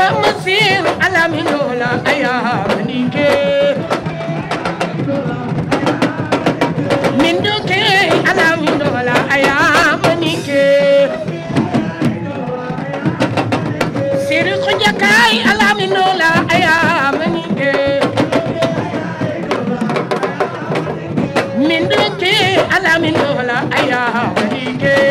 ما مصير على من ولا أيام نيكي من دوكي على من ولا أيام نيكي سير خجكاي على من ولا أيام نيكي من دوكي على من ولا أيام نيكي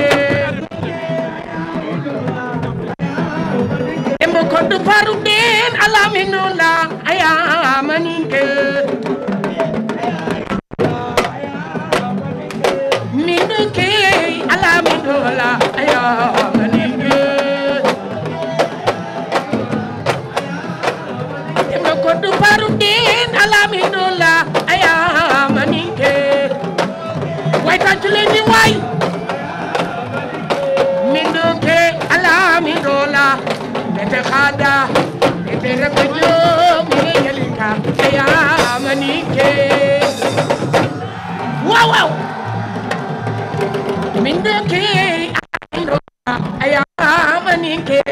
inunda aya maninke minike ala mindola aya maninke demno koddu farudin ala mindola aya maninke way tanculeni way minduke ala mindola mete khada min do ke andro ayama ninke